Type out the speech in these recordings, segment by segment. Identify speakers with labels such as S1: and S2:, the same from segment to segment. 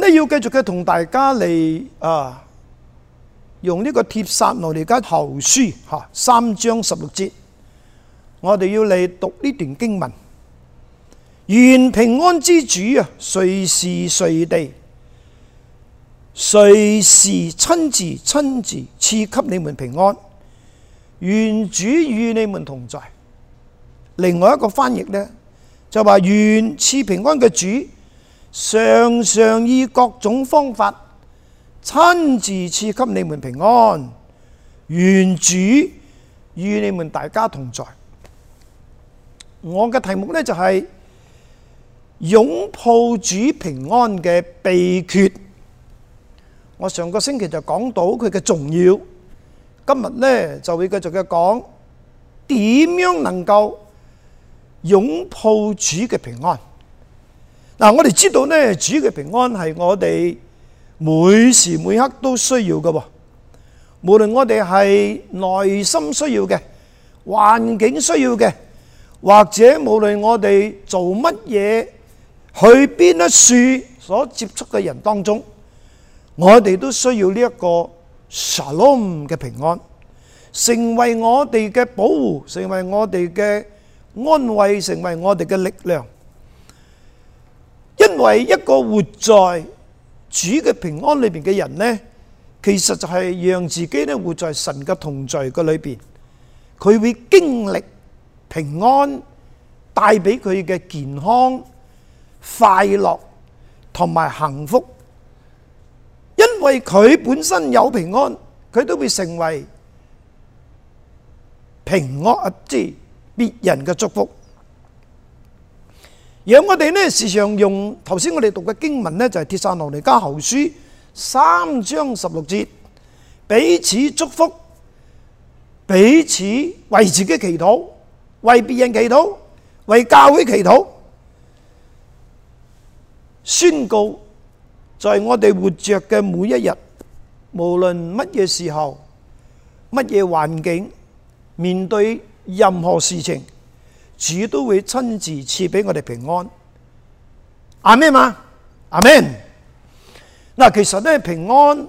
S1: 咧要繼續嘅同大家嚟啊，用呢個貼撒羅尼加後書吓三章十六節，我哋要嚟讀呢段經文。願平安之主啊，隨時隨地，隨時親自親自賜給你們平安。願主與你們同在。另外一個翻譯咧就話願賜平安嘅主。常常以各種方法親自賜給你們平安，願主與你們大家同在。我嘅題目呢就係、是、擁抱主平安嘅秘訣。我上個星期就講到佢嘅重要，今日呢就會繼續嘅講點樣能夠擁抱主嘅平安。嗱，我哋知道咧，主嘅平安係我哋每時每刻都需要嘅，無論我哋係內心需要嘅、環境需要嘅，或者無論我哋做乜嘢、去邊一處所接觸嘅人當中，我哋都需要呢一個 shalom 嘅平安，成為我哋嘅保護，成為我哋嘅安慰，成為我哋嘅力量。因為一個活在主嘅平安裏邊嘅人呢，其實就係讓自己呢活在神嘅同在嘅裏邊，佢會經歷平安，帶俾佢嘅健康、快樂同埋幸福。因為佢本身有平安，佢都會成為平安，以致別人嘅祝福。讓我哋呢時常用頭先我哋讀嘅經文呢就係《帖撒羅尼迦後書》三章十六節，彼此祝福，彼此為自己祈禱，為別人祈禱，為教會祈禱，宣告在我哋活着嘅每一日，無論乜嘢時候，乜嘢環境，面對任何事情。主都會親自賜俾我哋平安，阿們嘛，阿們？嗱，其實咧平安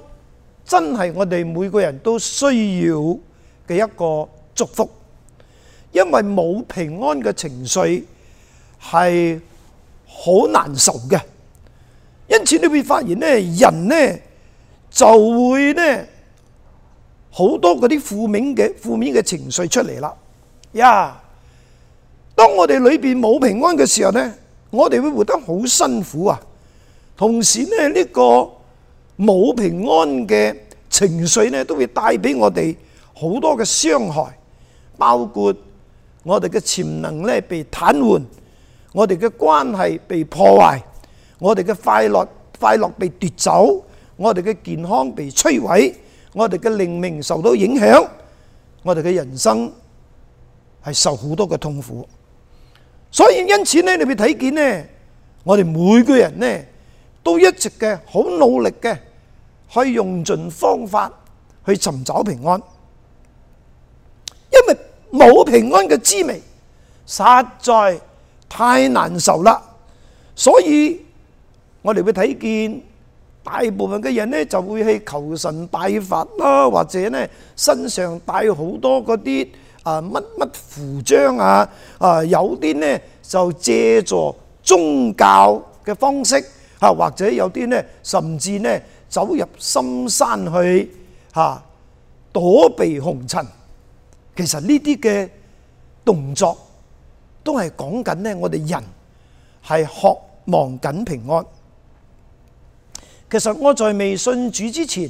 S1: 真係我哋每個人都需要嘅一個祝福，因為冇平安嘅情緒係好難受嘅，因此你會發現咧，人呢就會呢好多嗰啲負面嘅負面嘅情緒出嚟啦，呀、yeah.！當我哋裏邊冇平安嘅時候呢，我哋會活得好辛苦啊。同時呢，呢個冇平安嘅情緒呢，都會帶俾我哋好多嘅傷害，包括我哋嘅潛能呢被癱瘓，我哋嘅關係被破壞，我哋嘅快樂快樂被奪走，我哋嘅健康被摧毀，我哋嘅靈命受到影響，我哋嘅人生係受好多嘅痛苦。所以因此呢，你咪睇見呢，我哋每個人呢都一直嘅好努力嘅，去用盡方法去尋找平安，因為冇平安嘅滋味實在太難受啦。所以我哋會睇見大部分嘅人呢就會去求神拜佛啦，或者呢身上帶好多嗰啲。啊！乜乜符章啊！啊，有啲呢就借助宗教嘅方式吓，或者有啲呢甚至呢走入深山去吓躲避紅塵。其實呢啲嘅動作都係講緊呢，我哋人係渴望緊平安。其實我在未信主之前，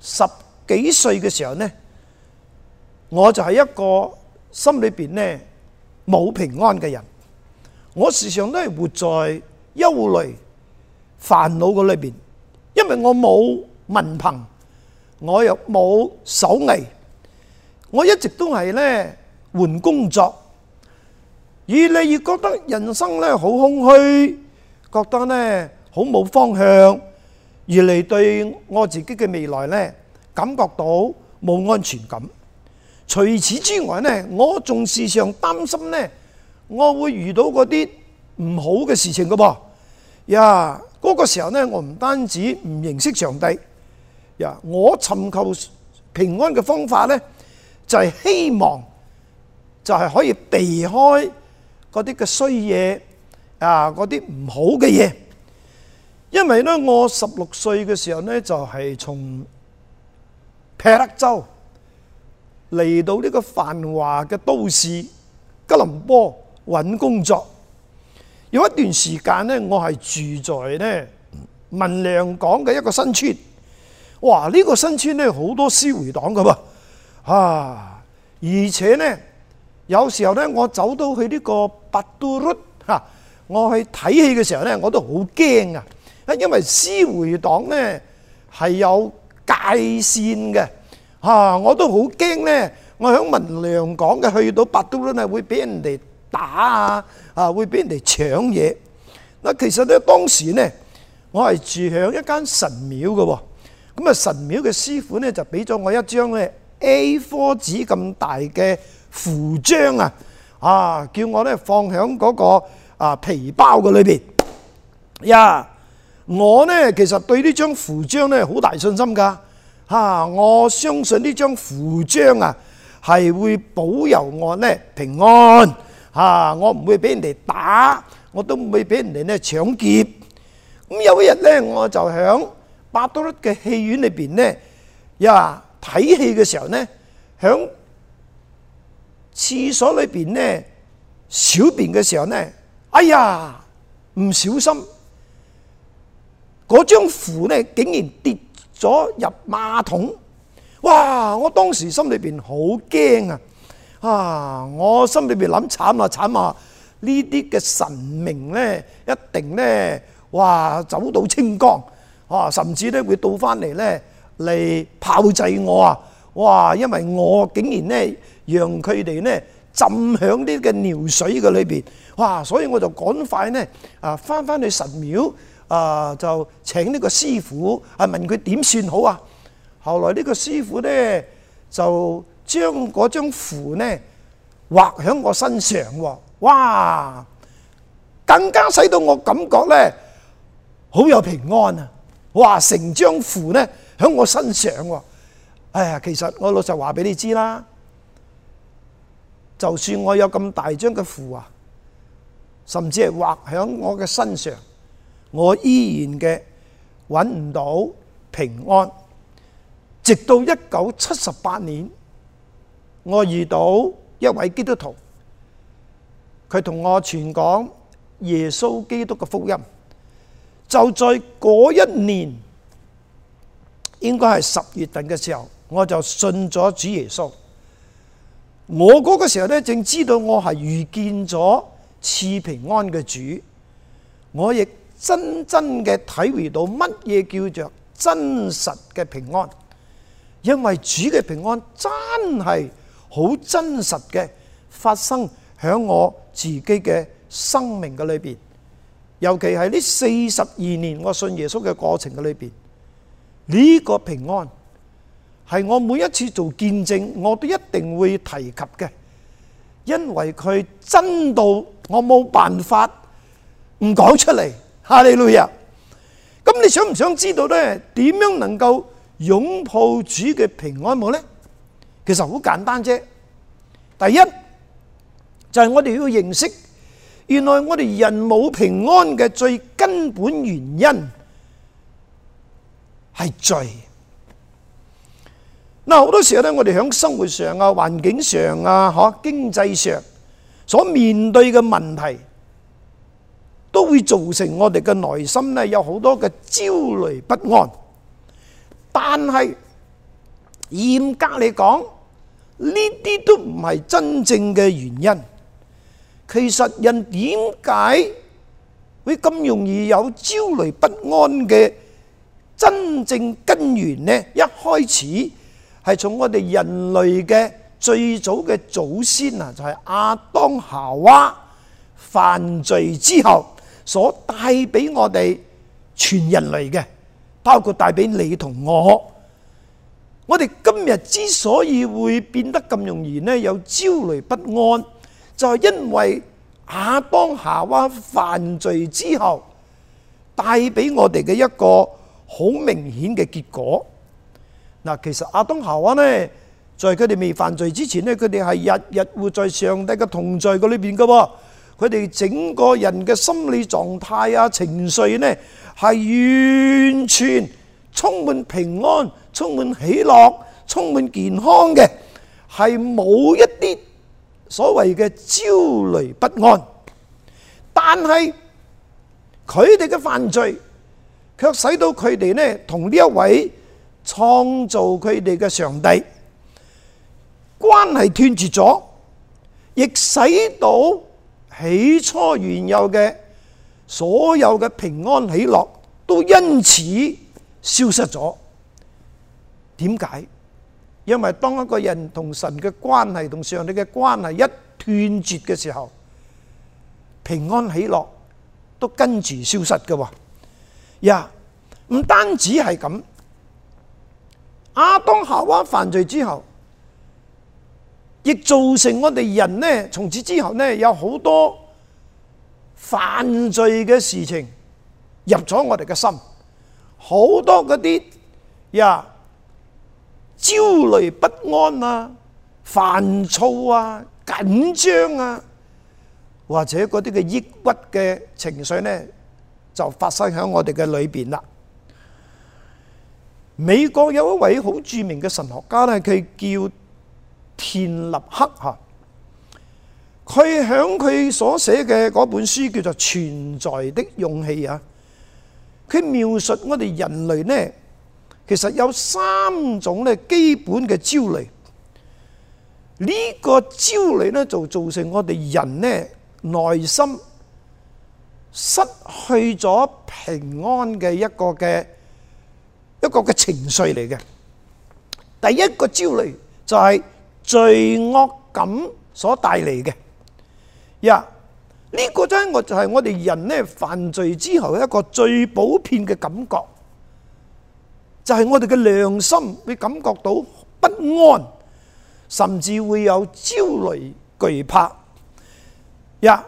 S1: 十幾歲嘅時候呢。我就係一個心裏邊咧冇平安嘅人，我時常都係活在憂慮煩惱嘅裏邊，因為我冇文憑，我又冇手藝，我一直都係咧換工作，越嚟越覺得人生咧好空虛，覺得咧好冇方向，越嚟對我自己嘅未來咧感覺到冇安全感。除此之外咧，我仲時常擔心呢我會遇到嗰啲唔好嘅事情噶噃。呀，嗰個時候呢我唔單止唔認識上帝，呀、yeah，我尋求平安嘅方法呢就係希望就係可以避開嗰啲嘅衰嘢啊，嗰啲唔好嘅嘢。因為呢，我十六歲嘅時候呢就係從劈得州。嚟到呢個繁華嘅都市吉隆坡揾工作，有一段時間咧，我係住在咧文良港嘅一個新村。哇！呢個新村咧好多思回黨嘅喎，啊！而且咧有時候咧我走到去呢個峇都律吓，我去睇戲嘅時候咧我都好驚啊！因為思回黨咧係有界線嘅。嚇、啊！我都好驚呢。我響文良港嘅去到百都呢，啊，會俾人哋打啊，啊會俾人哋搶嘢。那其實呢，當時呢，我係住響一間神廟嘅喎。咁啊神廟嘅師傅呢，就俾咗我一張呢 A4 紙咁大嘅符章啊，啊叫我呢放喺嗰、那個啊皮包嘅裏邊。呀、yeah,！我呢，其實對呢張符章呢，好大信心噶。嚇、啊！我相信呢張符章啊，係會保佑我咧平安嚇、啊，我唔會俾人哋打，我都唔會俾人哋咧搶劫。咁有一日咧，我就響百多率嘅戲院裏邊咧，呀睇戲嘅時候咧，響廁所裏邊咧小便嘅時候咧，哎呀唔小心，張符咧竟然跌咗入馬桶，哇！我當時心裏面好驚啊！啊，我心裏邊諗慘啊慘啊！呢啲嘅神明呢，一定呢，哇，走到清光，哦、啊，甚至咧會到翻嚟呢，嚟炮製我啊！哇，因為我竟然呢，讓佢哋呢浸響啲嘅尿水嘅裏邊，哇！所以我就趕快呢，啊，翻翻去神廟。啊、呃！就請呢個師傅係問佢點算好啊。後來呢個師傅呢，就將嗰張符呢畫喺我身上、哦、哇！更加使到我感覺呢，好有平安啊！哇！成張符呢喺我身上、哦、哎呀，其實我老實話俾你知啦，就算我有咁大張嘅符啊，甚至係畫喺我嘅身上。我依然嘅揾唔到平安，直到一九七十八年，我遇到一位基督徒，佢同我傳講耶穌基督嘅福音。就在嗰一年，應該係十月份嘅時候，我就信咗主耶穌。我嗰個時候咧，正知道我係遇見咗賜平安嘅主，我亦。真真嘅體會到乜嘢叫做真實嘅平安，因為主嘅平安真係好真實嘅發生喺我自己嘅生命嘅裏邊。尤其係呢四十二年我信耶穌嘅過程嘅裏邊，呢個平安係我每一次做見證我都一定會提及嘅，因為佢真到我冇辦法唔講出嚟。哈利路亞！咁你想唔想知道咧？點樣能夠擁抱主嘅平安冇咧？其實好簡單啫。第一就係、是、我哋要認識，原來我哋人冇平安嘅最根本原因係罪。嗱，好多時候咧，我哋響生活上啊，環境上啊、吓經濟上所面對嘅問題。都會造成我哋嘅內心咧，有好多嘅焦慮不安，但係嚴格嚟講呢啲都唔係真正嘅原因。其實人點解會咁容易有焦慮不安嘅真正根源呢？一開始係從我哋人類嘅最早嘅祖先啊，就係、是、亞當夏娃犯罪之後。所帶俾我哋全人類嘅，包括帶俾你同我，我哋今日之所以會變得咁容易咧，有焦慮不安，就係因為亞當夏娃犯罪之後帶俾我哋嘅一個好明顯嘅結果。嗱，其實亞當夏娃呢，在佢哋未犯罪之前咧，佢哋係日日活在上帝嘅同在嘅裏邊嘅喎。佢哋整個人嘅心理狀態啊、情緒呢，係完全充滿平安、充滿喜樂、充滿健康嘅，係冇一啲所謂嘅焦慮不安。但係佢哋嘅犯罪，卻使到佢哋呢同呢一位創造佢哋嘅上帝關係斷絕咗，亦使到。起初原有嘅所有嘅平安喜樂都因此消失咗。點解？因為當一個人同神嘅關係同上帝嘅關係一斷絕嘅時候，平安喜樂都跟住消失嘅。呀，唔單止係咁，亞當夏娃犯罪之後。亦造成我哋人呢，從此之後呢，有好多犯罪嘅事情入咗我哋嘅心，好多嗰啲呀焦慮不安啊、煩躁啊、緊張啊，或者嗰啲嘅抑鬱嘅情緒呢，就發生喺我哋嘅裏邊啦。美國有一位好著名嘅神學家呢，佢叫。田立克哈，佢響佢所寫嘅嗰本書叫做《存在的勇氣》啊，佢描述我哋人類呢，其實有三種呢基本嘅焦慮，呢、這個焦慮呢，就造成我哋人呢內心失去咗平安嘅一個嘅一個嘅情緒嚟嘅。第一個焦慮就係、是。罪惡感所帶嚟嘅，一、Yeah，呢個真我就係我哋人咧犯罪之後一個最普遍嘅感覺，就係、是、我哋嘅良心會感覺到不安，甚至會有焦慮、懼怕。一、Yeah，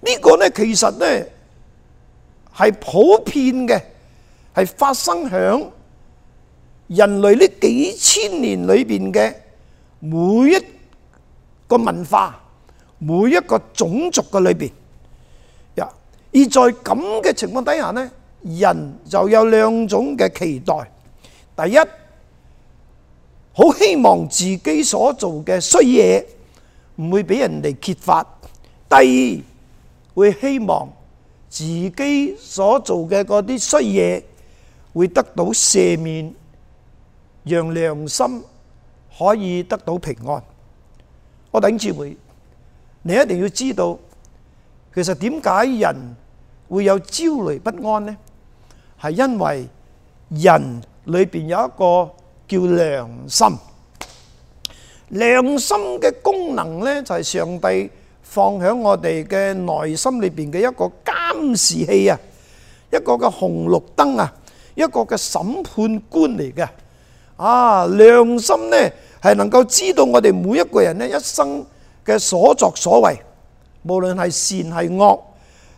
S1: 呢個咧其實咧係普遍嘅，係發生響人類呢幾千年裏邊嘅。每一個文化、每一個種族嘅裏邊，一而在咁嘅情況底下呢，人就有兩種嘅期待。第一，好希望自己所做嘅衰嘢唔會俾人哋揭發；第二，會希望自己所做嘅嗰啲衰嘢會得到赦免，讓良心可以得到平安。我頂住回，你一定要知道，其實點解人會有焦慮不安呢？係因為人裏邊有一個叫良心，良心嘅功能呢，就係上帝放喺我哋嘅內心裏邊嘅一個監視器啊，一個嘅紅綠燈啊，一個嘅審判官嚟嘅。啊，良心呢。係能夠知道我哋每一個人咧一生嘅所作所為，無論係善係惡，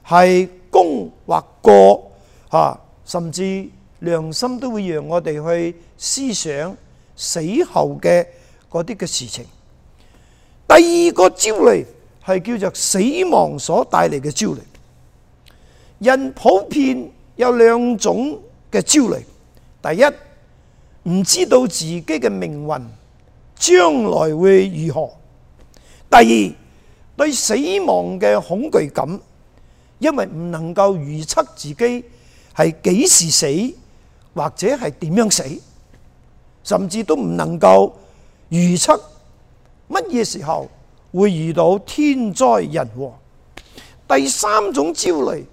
S1: 係功或過，吓，甚至良心都會讓我哋去思想死後嘅嗰啲嘅事情。第二個焦慮係叫做死亡所帶嚟嘅焦慮。人普遍有兩種嘅焦慮，第一，唔知道自己嘅命運。將來會如何？第二，對死亡嘅恐懼感，因為唔能夠預測自己係幾時死，或者係點樣死，甚至都唔能夠預測乜嘢時候會遇到天災人禍。第三種焦慮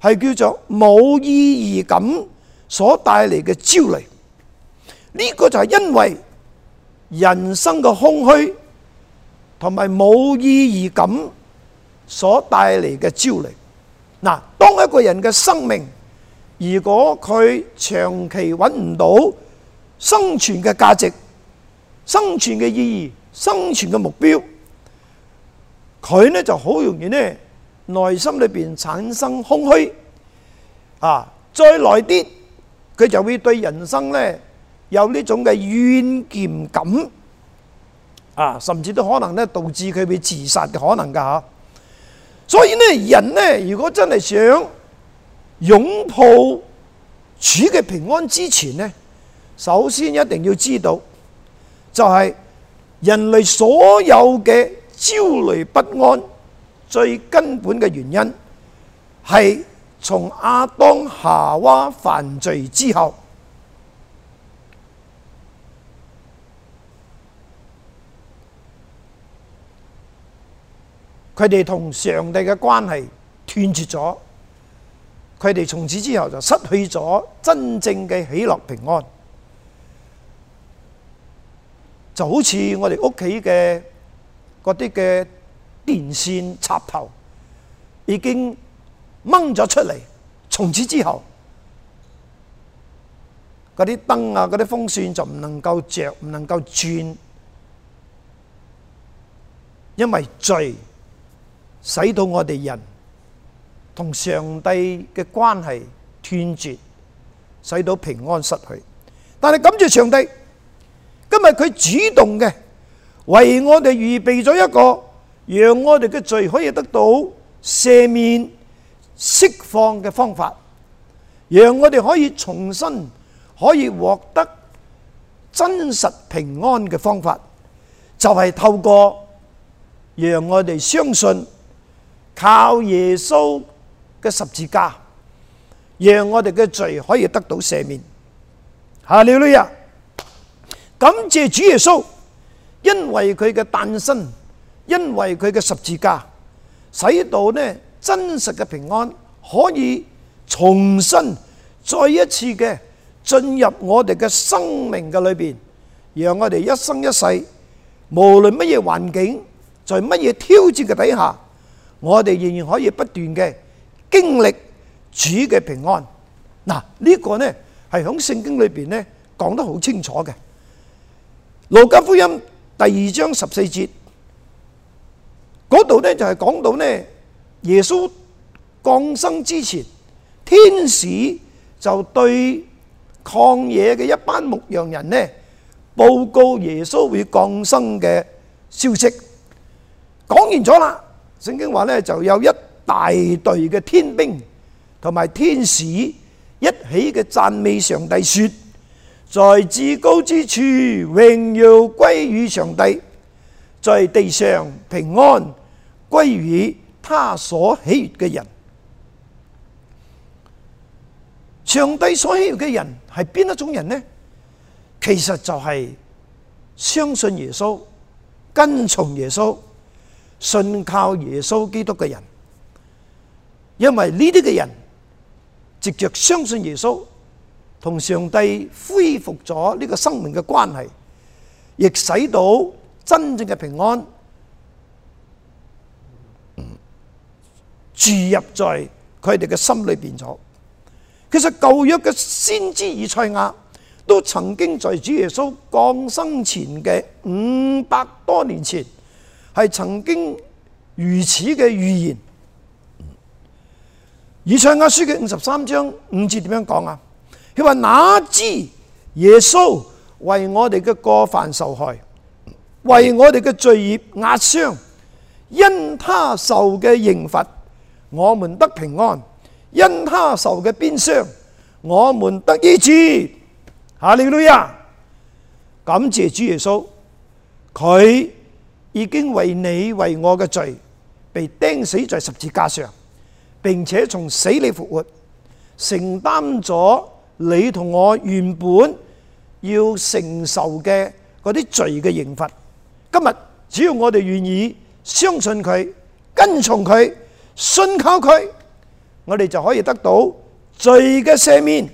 S1: 係叫做冇意義感所帶嚟嘅焦慮，呢、這個就係因為。人生嘅空虛同埋冇意義感所帶嚟嘅焦慮，嗱，當一個人嘅生命如果佢長期揾唔到生存嘅價值、生存嘅意義、生存嘅目標，佢呢就好容易呢內心裏邊產生空虛，啊，再耐啲佢就會對人生呢，有呢種嘅怨憤感，啊，甚至都可能咧導致佢被自殺嘅可能噶嚇，所以呢，人呢，如果真係想擁抱主嘅平安之前呢，首先一定要知道，就係人類所有嘅焦慮不安最根本嘅原因，係從亞當夏娃犯罪之後。佢哋同上帝嘅關係斷絕咗，佢哋從此之後就失去咗真正嘅喜樂平安，就好似我哋屋企嘅嗰啲嘅電線插頭已經掹咗出嚟，從此之後嗰啲燈啊、嗰啲風扇就唔能夠著、唔能夠轉，因為罪。使到我哋人同上帝嘅關係斷絕，使到平安失去。但係感謝上帝，今日佢主動嘅為我哋預備咗一個，讓我哋嘅罪可以得到赦免、釋放嘅方法，讓我哋可以重新可以獲得真實平安嘅方法，就係透過讓我哋相信。靠耶穌嘅十字架，讓我哋嘅罪可以得到赦免。哈利路亞！感謝主耶穌，因為佢嘅誕生，因為佢嘅十字架，使到呢真實嘅平安可以重新再一次嘅進入我哋嘅生命嘅裏邊，讓我哋一生一世無論乜嘢環境，在乜嘢挑戰嘅底下。我哋仍然可以不斷嘅經歷主嘅平安，嗱呢個呢係響聖經裏邊呢講得好清楚嘅。路加福音第二章十四節嗰度呢就係講到呢耶穌降生之前，天使就對曠野嘅一班牧羊人呢，報告耶穌會降生嘅消息。講完咗啦。聖經話呢，就有一大隊嘅天兵同埋天使一起嘅贊美上帝，說：在至高之處榮耀歸於上帝，在地上平安歸於他所喜悦嘅人。上帝所喜悦嘅人係邊一種人呢？其實就係相信耶穌、跟從耶穌。信靠耶穌基督嘅人，因為呢啲嘅人直接相信耶穌，同上帝恢復咗呢個生命嘅關係，亦使到真正嘅平安注入在佢哋嘅心裏邊咗。其實舊約嘅先知以賽亞都曾經在主耶穌降生前嘅五百多年前。係曾經如此嘅預言，以賽亞書嘅五十三章五節點樣講啊？佢話哪知耶穌為我哋嘅過犯受害，為我哋嘅罪孽壓傷，因他受嘅刑罰，我們得平安；因他受嘅鞭傷，我們得醫治。哈利路亞，感謝主耶穌，佢，已經為你為我嘅罪被釘死在十字架上，並且從死裏復活，承擔咗你同我原本要承受嘅嗰啲罪嘅刑罰。今日只要我哋願意相信佢，跟從佢，信靠佢，我哋就可以得到罪嘅赦免。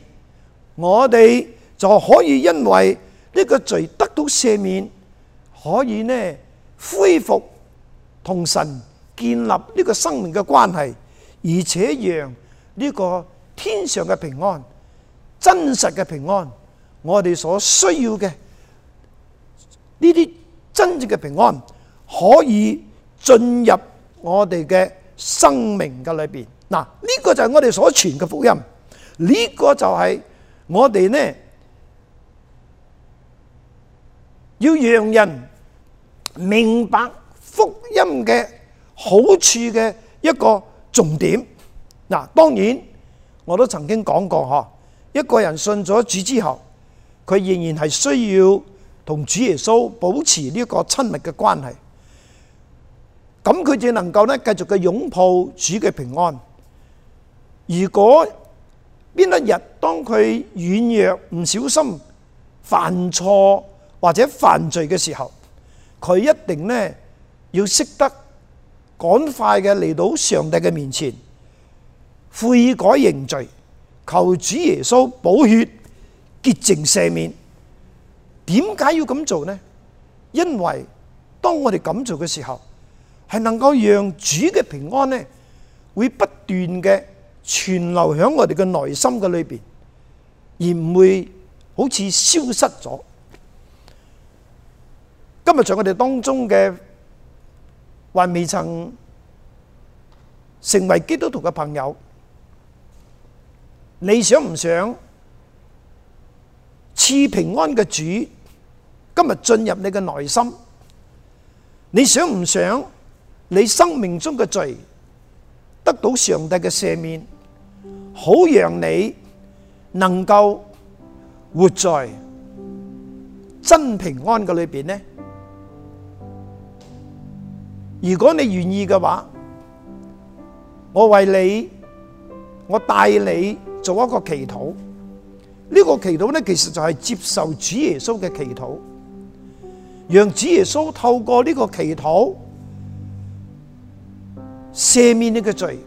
S1: 我哋就可以因為呢個罪得到赦免，可以呢？恢復同神建立呢個生命嘅關係，而且讓呢個天上嘅平安、真實嘅平安，我哋所需要嘅呢啲真正嘅平安，可以進入我哋嘅生命嘅裏邊。嗱，呢個就係我哋所傳嘅福音，呢個就係我哋呢要讓人。明白福音嘅好處嘅一個重點，嗱，當然我都曾經講過，嗬，一個人信咗主之後，佢仍然係需要同主耶穌保持呢個親密嘅關係，咁佢只能夠咧繼續嘅擁抱主嘅平安。如果邊一日當佢軟弱唔小心犯錯或者犯罪嘅時候，佢一定呢要識得趕快嘅，嚟到上帝嘅面前悔改認罪，求主耶穌寶血潔淨赦、赦免。點解要咁做呢？因為當我哋咁做嘅時候，係能夠讓主嘅平安呢，會不斷嘅存留喺我哋嘅內心嘅裏邊，而唔會好似消失咗。今日在我哋當中嘅，還未曾成，成為基督徒嘅朋友，你想唔想賜平安嘅主今日進入你嘅內心？你想唔想你生命中嘅罪得到上帝嘅赦免，好讓你能夠活在真平安嘅裏邊呢？如果你願意嘅話，我為你，我帶你做一個祈禱。呢個祈禱呢，其實就係接受主耶穌嘅祈禱，讓主耶穌透過呢個祈禱赦免你嘅罪，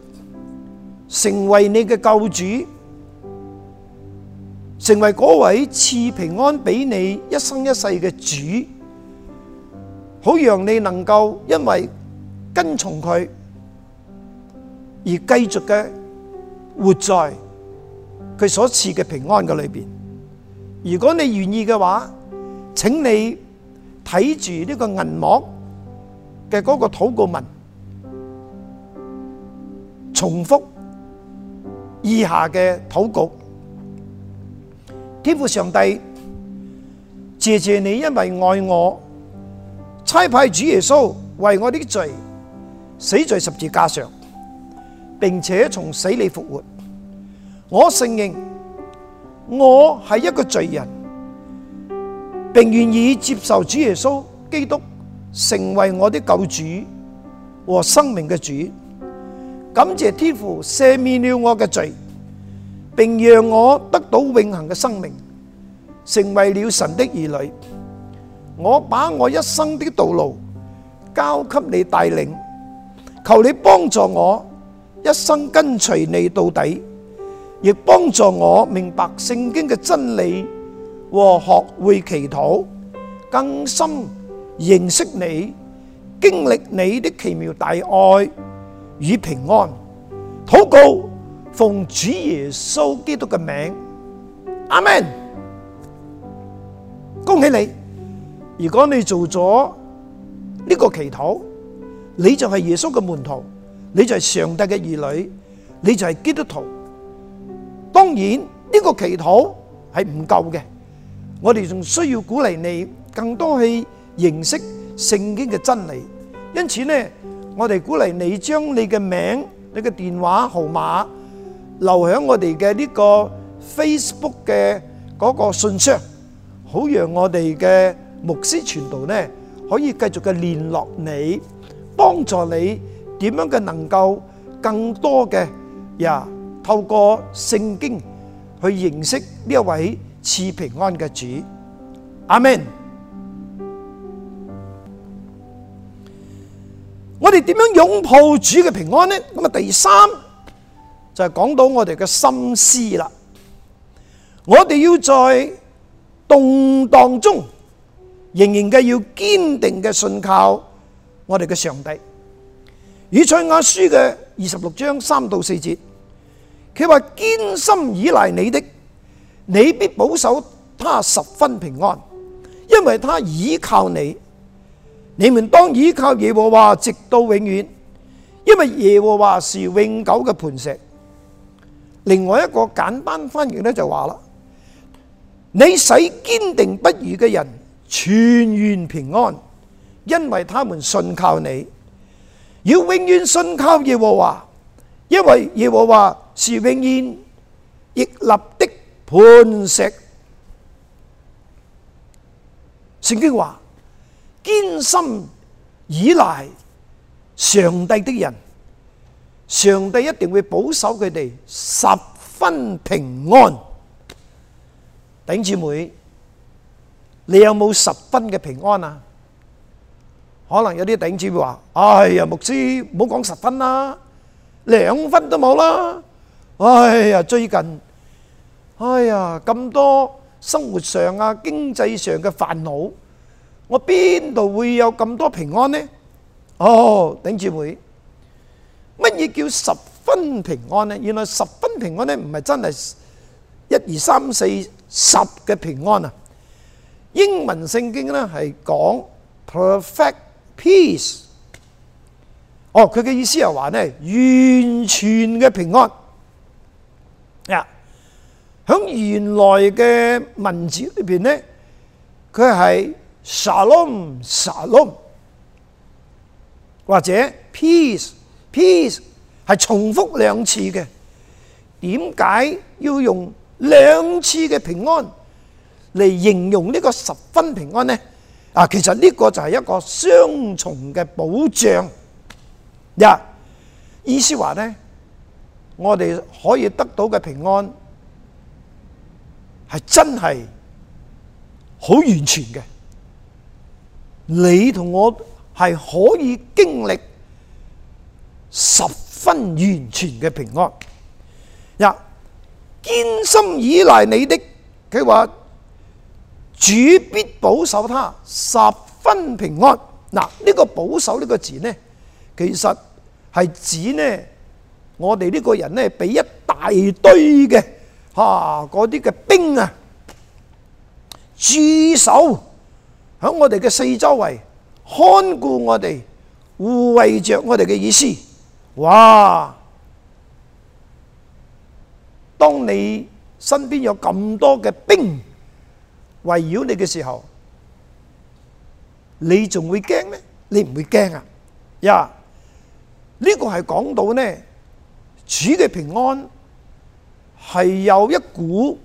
S1: 成為你嘅救主，成為嗰位賜平安俾你一生一世嘅主，好讓你能夠因為。跟從佢而繼續嘅活在佢所賜嘅平安嘅裏邊。如果你願意嘅話，請你睇住呢個銀幕嘅嗰個禱告文，重複以下嘅禱告：天父上帝，謝謝你因為愛我，差派主耶穌為我啲罪。死在十字架上，並且從死裏復活。我承認我係一個罪人，並願意接受主耶穌基督成為我的救主和生命嘅主。感謝天父赦免了我嘅罪，並讓我得到永恒嘅生命，成為了神的兒女。我把我一生的道路交給你帶領。求你幫助我一生跟隨你到底，亦幫助我明白聖經嘅真理和學會祈禱，更深認識你，經歷你的奇妙大愛與平安。禱告，奉主耶穌基督嘅名，阿門。恭喜你，如果你做咗呢個祈禱。你就係耶穌嘅門徒，你就係上帝嘅兒女，你就係基督徒。當然呢個祈禱係唔夠嘅，我哋仲需要鼓勵你更多去認識聖經嘅真理。因此呢，我哋鼓勵你將你嘅名、你嘅電話號碼留喺我哋嘅呢個 Facebook 嘅嗰個信箱，好讓我哋嘅牧師傳道呢可以繼續嘅聯絡你。幫助你點樣嘅能夠更多嘅呀，透過聖經去認識呢一位賜平安嘅主，阿門。我哋點樣擁抱主嘅平安呢？咁啊，第三就係講到我哋嘅心思啦。我哋要在動盪中，仍然嘅要堅定嘅信靠。我哋嘅上帝，以賽亞書嘅二十六章三到四節，佢話，堅心依賴你的，你必保守他十分平安，因為他倚靠你。你們當倚靠耶和華直到永遠，因為耶和華是永久嘅磐石。另外一個簡單的翻譯呢，就話啦，你使堅定不渝嘅人全然平安。因為他們信靠你，要永遠信靠耶和華，因為耶和華是永遠屹立的磐石。聖經話：堅心倚賴上帝的人，上帝一定會保守佢哋十分平安。弟兄姊妹，你有冇十分嘅平安啊？可能有啲頂住會話，哎呀，牧師唔好講十分啦，兩分都冇啦。哎呀，最近，哎呀咁多生活上啊、經濟上嘅煩惱，我邊度會有咁多平安呢？哦，頂住會。乜嘢叫十分平安呢？原來十分平安呢，唔係真係一二三四十嘅平安啊。英文聖經呢係講 perfect。Peace，哦佢嘅意思係話咧完全嘅平安呀，響、yeah. 原來嘅文字裏邊咧，佢係 shalom shalom 或者 peace peace 係重複兩次嘅，點解要用兩次嘅平安嚟形容呢個十分平安咧？嗱，其實呢個就係一個雙重嘅保障。呀，意思話呢，我哋可以得到嘅平安係真係好完全嘅。你同我係可以經歷十分完全嘅平安。呀，堅心倚賴你的，佢話。主必保守他十分平安。嗱，呢個保守呢個字呢，其實係指呢我哋呢個人呢，俾一大堆嘅吓嗰啲嘅兵啊駐守喺我哋嘅四周圍，看顧我哋，護衛着我哋嘅意思。哇！當你身邊有咁多嘅兵，圍繞你嘅時候，你仲會驚咩？你唔會驚啊！呀，呢個係講到呢，主嘅平安係有一股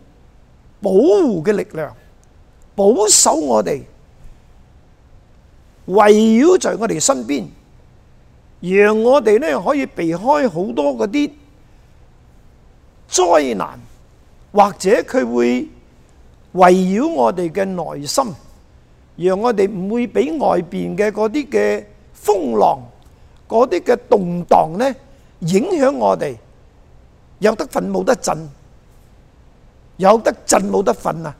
S1: 保護嘅力量，保守我哋，圍繞在我哋身邊，讓我哋呢可以避開好多嗰啲災難，或者佢會。圍繞我哋嘅內心，讓我哋唔會俾外邊嘅嗰啲嘅風浪，嗰啲嘅動盪咧影響我哋。有得瞓冇得震，有得震冇得瞓啊！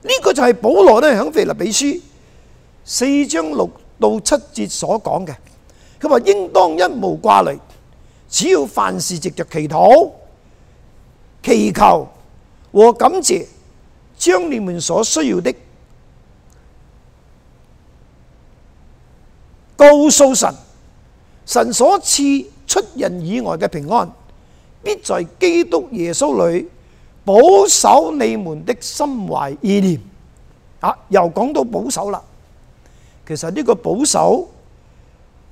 S1: 呢個就係保羅咧喺腓立比書四章六到七節所講嘅。佢話，應當一無掛慮，只要凡事藉着祈禱、祈求。和感謝，將你們所需要的告訴神，神所賜出人意外嘅平安，必在基督耶穌裏保守你們的心懷意念。啊，又講到保守啦，其實呢個保守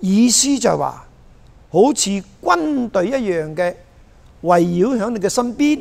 S1: 意思就係話，好似軍隊一樣嘅圍繞喺你嘅身邊。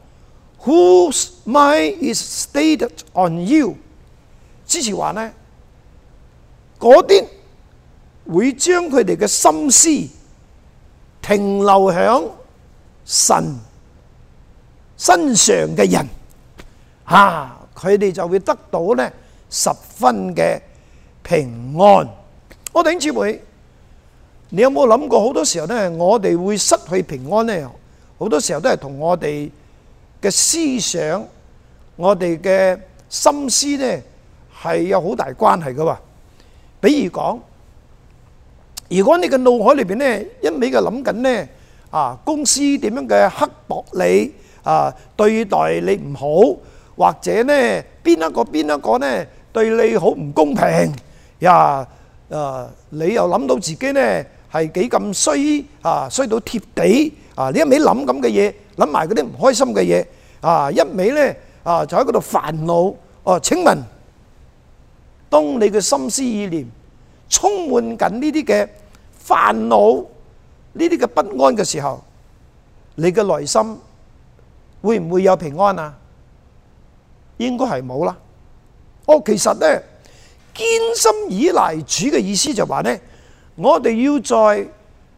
S1: Whose mind is stayed on you？之前話呢，嗰啲會將佢哋嘅心思停留喺神身上嘅人，啊，佢哋就會得到呢十分嘅平安。我頂住會，你有冇諗過好多時候呢？我哋會失去平安呢？好多時候都係同我哋，嘅思想，我哋嘅心思咧，係有好大關係嘅喎。比如講，如果你嘅腦海裏邊咧，一味嘅諗緊咧，啊，公司點樣嘅刻薄你啊，對待你唔好，或者咧邊一個邊一個咧對你好唔公平呀？啊，你又諗到自己咧係幾咁衰啊，衰到貼地啊！你一味諗咁嘅嘢。諗埋嗰啲唔開心嘅嘢，啊，一味咧啊，就喺嗰度煩惱。哦，請問，當你嘅心思意念充滿緊呢啲嘅煩惱、呢啲嘅不安嘅時候，你嘅內心會唔會有平安啊？應該係冇啦。哦，其實咧，堅心倚賴主嘅意思就話咧，我哋要在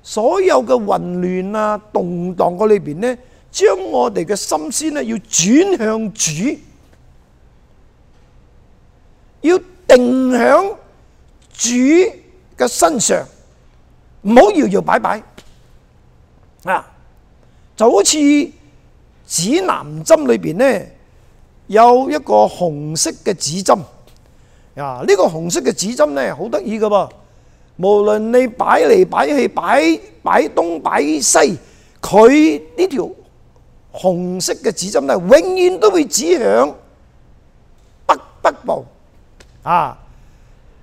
S1: 所有嘅混亂啊、動盪嗰裏邊咧。將我哋嘅心思咧，要轉向主，要定響主嘅身上，唔好搖搖擺擺啊！就好似指南針裏邊呢，有一個紅色嘅指針啊，呢個紅色嘅指針呢，好得意噶噃，無論你擺嚟擺去，擺擺東擺西，佢呢條。紅色嘅指針咧，永遠都會指向北北部啊！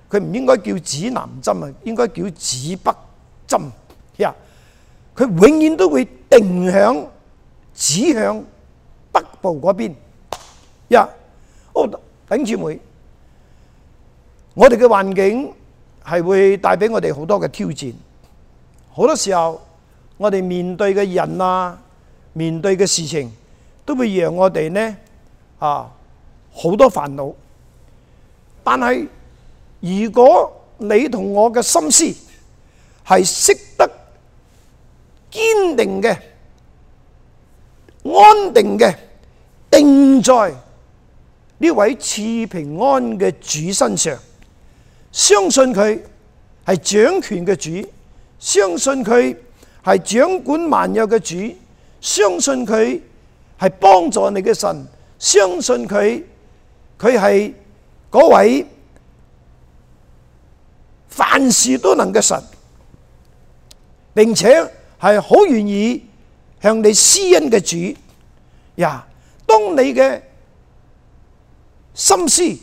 S1: 佢唔應該叫指南針啊，應該叫指北針。呀，佢永遠都會定向指向北部嗰邊。呀，哦，弟兄姊妹，我哋嘅環境係會帶俾我哋好多嘅挑戰，好多時候我哋面對嘅人啊。面對嘅事情都會讓我哋咧啊好多煩惱，但係如果你同我嘅心思係識得堅定嘅安定嘅定在呢位賜平安嘅主身上，相信佢係掌權嘅主，相信佢係掌管萬有嘅主。相信佢係幫助你嘅神，相信佢佢係嗰位凡事都能嘅神，並且係好願意向你施恩嘅主呀。當你嘅心思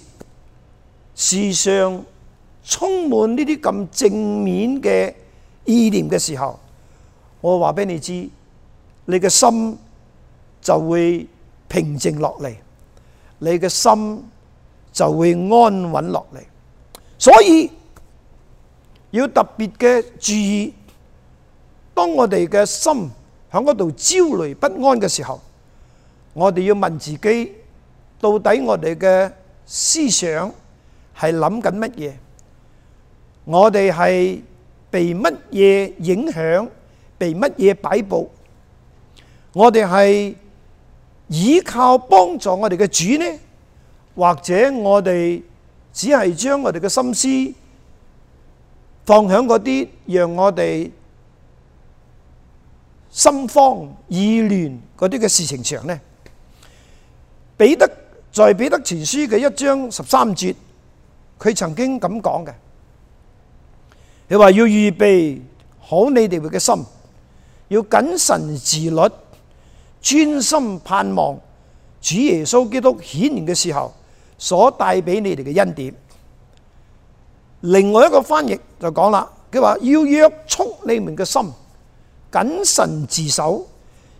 S1: 時常充滿呢啲咁正面嘅意念嘅時候，我話俾你知。你嘅心就會平靜落嚟，你嘅心就會安穩落嚟。所以要特別嘅注意，當我哋嘅心喺嗰度焦慮不安嘅時候，我哋要問自己到底我哋嘅思想係諗緊乜嘢？我哋係被乜嘢影響？被乜嘢擺布？我哋係依靠幫助我哋嘅主呢，或者我哋只係將我哋嘅心思放喺嗰啲讓我哋心慌意亂嗰啲嘅事情上呢？彼得在彼得前書嘅一章十三節，佢曾經咁講嘅，佢話，要預備好你哋嘅心，要謹慎自律。專心盼望主耶穌基督顯現嘅時候所帶俾你哋嘅恩典。另外一個翻譯就講啦，佢話要約束你們嘅心，謹慎自守，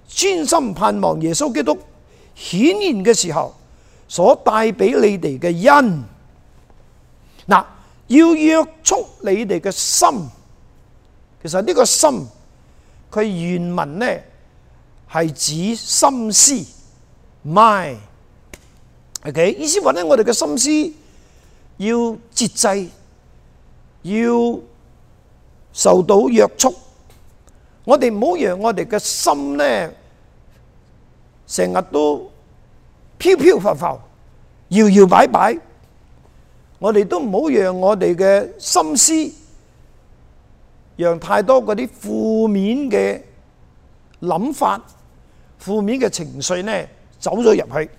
S1: 專心盼望耶穌基督顯現嘅時候所帶俾你哋嘅恩。嗱，要約束你哋嘅心，其實呢個心，佢原文呢。係指心思，mind，OK，意思話呢，我哋嘅心思要節制，要受到約束。我哋唔好讓我哋嘅心呢，成日都飄飄浮浮、搖搖擺擺。我哋都唔好讓我哋嘅心思，讓太多嗰啲負面嘅諗法。負面嘅情緒呢，走咗入去，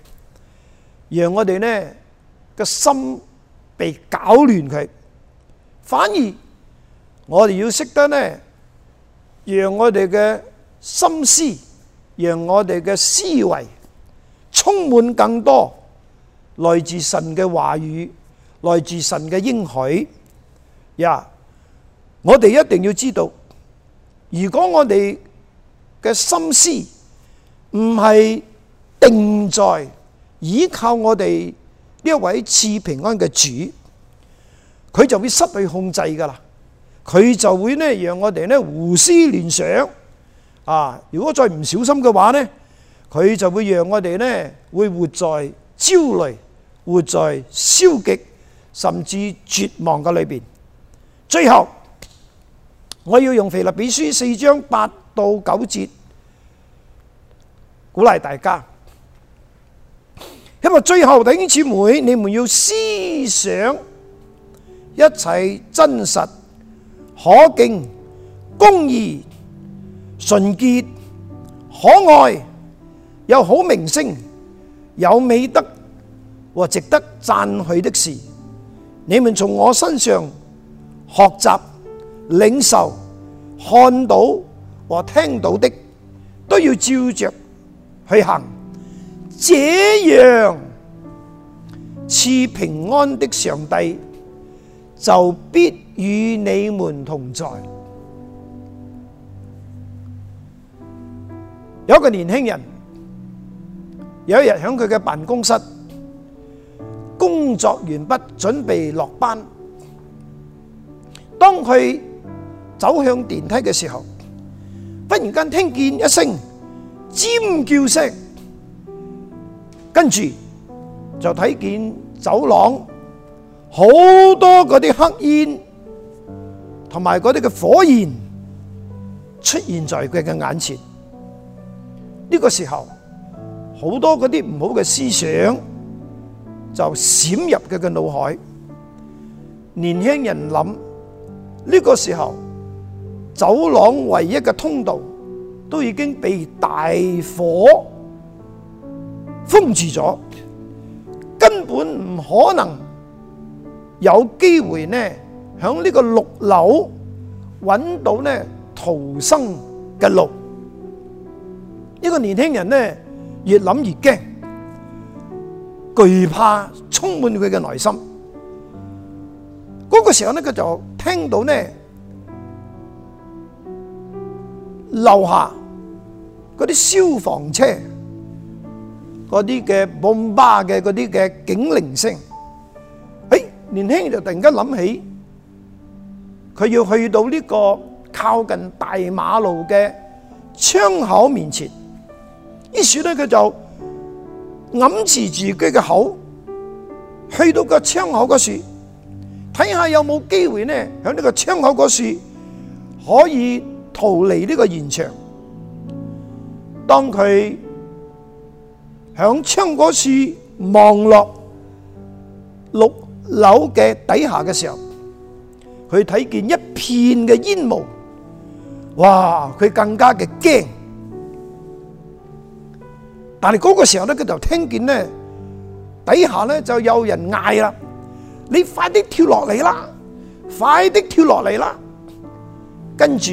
S1: 讓我哋呢嘅心被搞亂佢，反而我哋要識得呢，讓我哋嘅心思，讓我哋嘅思維充滿更多來自神嘅話語，來自神嘅應許。呀，yeah，我哋一定要知道，如果我哋嘅心思唔係定在依靠我哋呢一位賜平安嘅主，佢就會失去控制噶啦。佢就會呢，讓我哋呢胡思亂想啊！如果再唔小心嘅話呢，佢就會讓我哋呢會活在焦慮、活在消極、甚至絕望嘅裏邊。最後，我要用腓立比書四章八到九節。鼓勵大家，因為最後的弟兄姐妹，你們要思想一切真實、可敬、公義、純潔、可愛，有好名聲、有美德和值得讚許的事。你們從我身上學習、領受、看到和聽到的，都要照着。去行，這樣賜平安的上帝就必與你們同在。有一個年輕人有一日喺佢嘅辦公室工作完畢，準備落班。當佢走向電梯嘅時候，忽然間聽見一聲尖叫聲，跟住就睇見走廊好多嗰啲黑煙，同埋嗰啲嘅火焰出現在佢嘅眼前。呢個時候，好多嗰啲唔好嘅思想就閃入佢嘅腦海。年輕人諗呢個時候，走廊唯一嘅通道，都已經被大火封住咗，根本唔可能有機會呢，喺呢個六樓揾到呢逃生嘅路。呢個年輕人呢越諗越驚，懼怕充滿佢嘅內心。嗰個時候呢，佢就聽到呢樓下。嗰啲消防車，嗰啲嘅 Bomba 嘅嗰啲嘅警鈴聲，誒、哎，年輕人就突然間諗起，佢要去到呢個靠近大馬路嘅窗口面前，於是咧佢就揞住自己嘅口，去到個窗口嗰時，睇下有冇機會呢，喺呢個窗口嗰時可以逃離呢個現場。當佢響窗嗰處望落六樓嘅底下嘅時候，佢睇見一片嘅煙霧，哇！佢更加嘅驚。但係嗰個時候咧，佢就聽見咧底下咧就有人嗌啦：「你快啲跳落嚟啦！快啲跳落嚟啦！跟住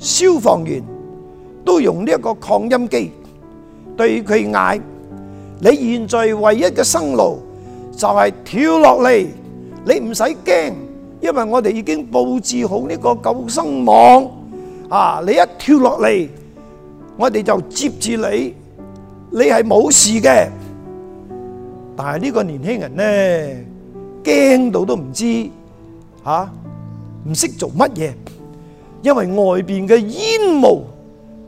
S1: 消防員都用呢一個擴音機對佢嗌：你現在唯一嘅生路就係跳落嚟，你唔使驚，因為我哋已經布置好呢個救生網啊！你一跳落嚟，我哋就接住你，你係冇事嘅。但係呢個年輕人呢驚到都唔知吓，唔識做乜嘢，因為外邊嘅煙霧。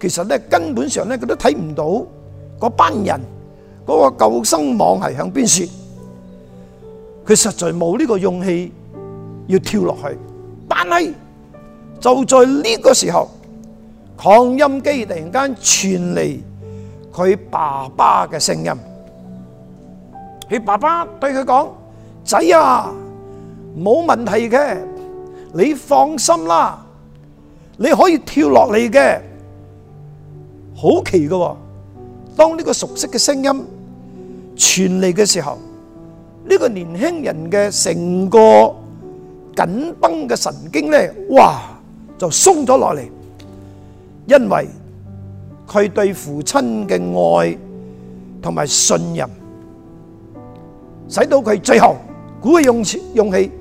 S1: 其實咧根本上咧佢都睇唔到嗰班人嗰個救生網係響邊處，佢實在冇呢個勇氣要跳落去。但係就在呢個時候，擴音機突然間傳嚟佢爸爸嘅聲音。佢爸爸對佢講：仔啊，冇問題嘅，你放心啦，你可以跳落嚟嘅。好奇噶，當呢個熟悉嘅聲音傳嚟嘅時候，呢個年輕人嘅成個緊繃嘅神經咧，哇，就鬆咗落嚟，因為佢對父親嘅愛同埋信任，使到佢最後鼓起勇勇氣，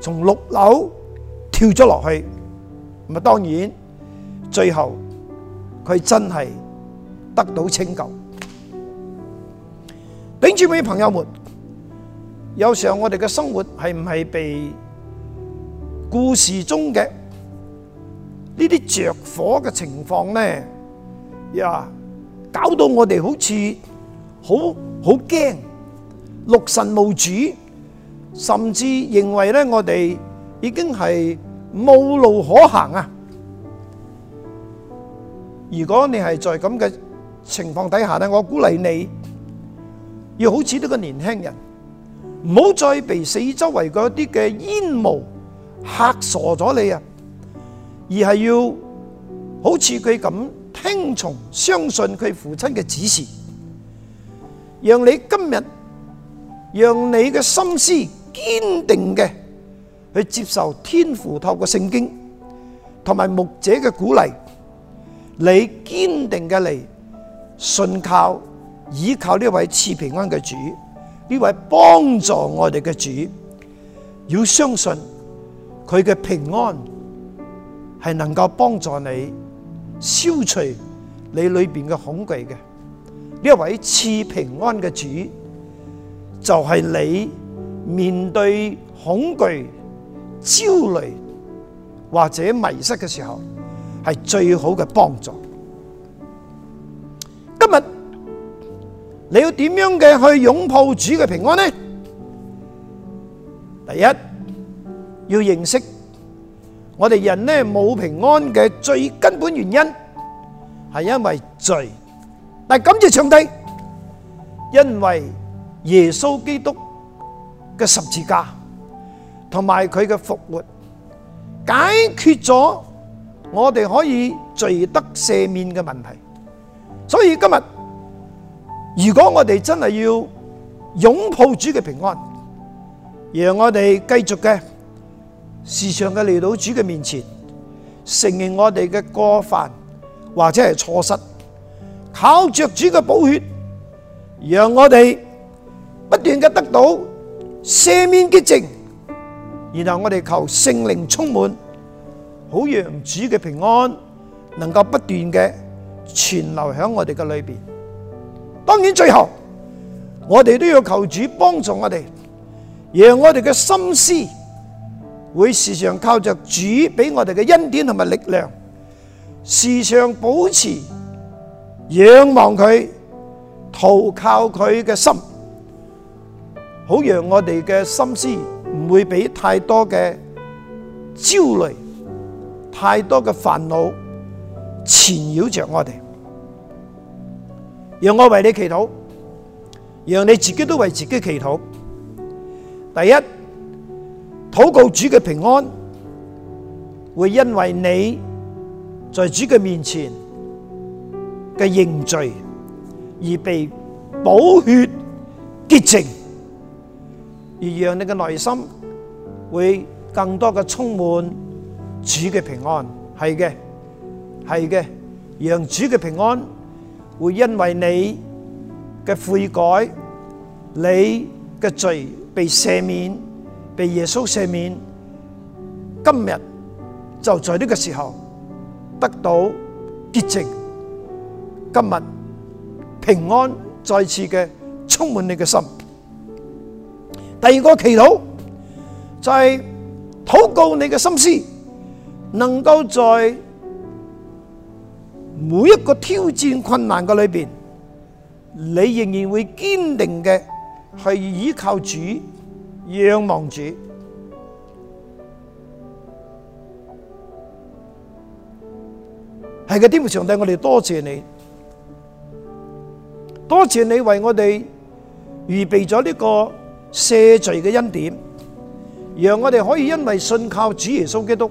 S1: 從六樓跳咗落去。咁啊，當然，最後。佢真係得到拯救。頂住，我啲朋友們，有時候我哋嘅生活係唔係被故事中嘅呢啲着火嘅情況呢？又搞到我哋好似好好驚六神無主，甚至認為呢，我哋已經係冇路可行啊！如果你係在咁嘅情況底下咧，我鼓勵你要好似呢個年輕人，唔好再被四周圍嗰啲嘅煙霧嚇傻咗你啊，而係要好似佢咁聽從、相信佢父親嘅指示，讓你今日，讓你嘅心思堅定嘅去接受天父透過聖經同埋牧者嘅鼓勵。你堅定嘅嚟，信靠倚靠呢位賜平安嘅主，呢位幫助我哋嘅主，要相信佢嘅平安係能夠幫助你消除你裏邊嘅恐懼嘅。呢一位賜平安嘅主就係你面對恐懼、焦慮或者迷失嘅時候，係最好嘅幫助。今日你要點樣嘅去擁抱主嘅平安呢？第一，要認識我哋人呢冇，平安嘅最根本原因係因為罪，但係感謝上帝，因為耶穌基督嘅十字架同埋佢嘅復活解決咗，我哋可以罪得赦免嘅問題，所以今日如果我哋真係要擁抱主嘅平安，讓我哋繼續嘅時常嘅嚟到主嘅面前，承認我哋嘅過犯或者係錯失，靠着主嘅寶血，讓我哋不斷嘅得到赦免嘅潔淨，然後我哋求聖靈充滿。好讓主嘅平安能夠不斷嘅存留喺我哋嘅裏邊。當然，最後我哋都要求主幫助我哋，讓我哋嘅心思會時常靠着主俾我哋嘅恩典同埋力量，時常保持仰望佢、投靠佢嘅心，好讓我哋嘅心思唔會俾太多嘅焦慮。太多嘅煩惱纏繞着我哋，讓我為你祈禱，讓你自己都為自己祈禱。第一，禱告主嘅平安，會因為你在主嘅面前嘅認罪而被寶血潔淨，而讓你嘅內心會更多嘅充滿。主嘅平安，係嘅，係嘅。讓主嘅平安會因為你嘅悔改，你嘅罪被赦免，被耶穌赦免，今日就在呢個時候得到潔淨，今日平安再次嘅充滿你嘅心。第二個祈禱就係禱告你嘅心思。能夠在每一個挑戰困難嘅裏邊，你仍然會堅定嘅去依靠主，仰望主。係嘅，天父上帝，我哋多謝你，多謝你為我哋預備咗呢個赦罪嘅恩典，讓我哋可以因為信靠主耶穌基督。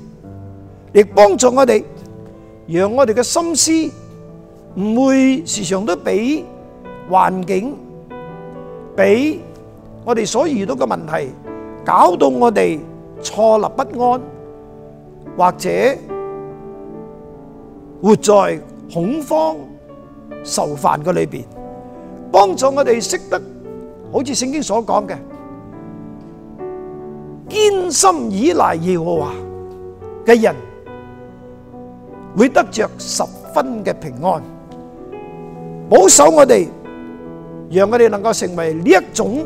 S1: 亦幫助我哋，讓我哋嘅心思唔會時常都俾環境，俾我哋所遇到嘅問題搞到我哋坐立不安，或者活在恐慌受煩嘅裏邊。幫助我哋識得好似聖經所講嘅，堅心倚賴耶和華嘅人。會得着十分嘅平安，保守我哋，讓我哋能夠成為呢一種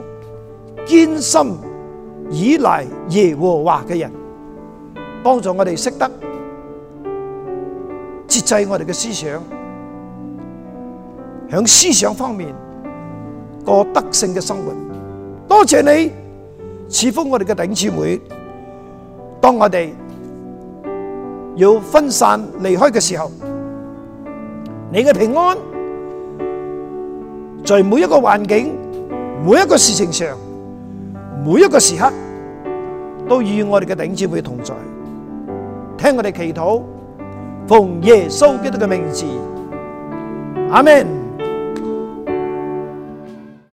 S1: 堅心倚賴耶和華嘅人，幫助我哋識得節制我哋嘅思想，響思想方面過德性嘅生活。多謝你賜福我哋嘅頂志會，當我哋。要分散離開嘅時候，你嘅平安在每一個環境、每一個事情上、每一個時刻，都與我哋嘅頂志會同在，聽我哋祈禱，奉耶穌基督嘅名字，阿門。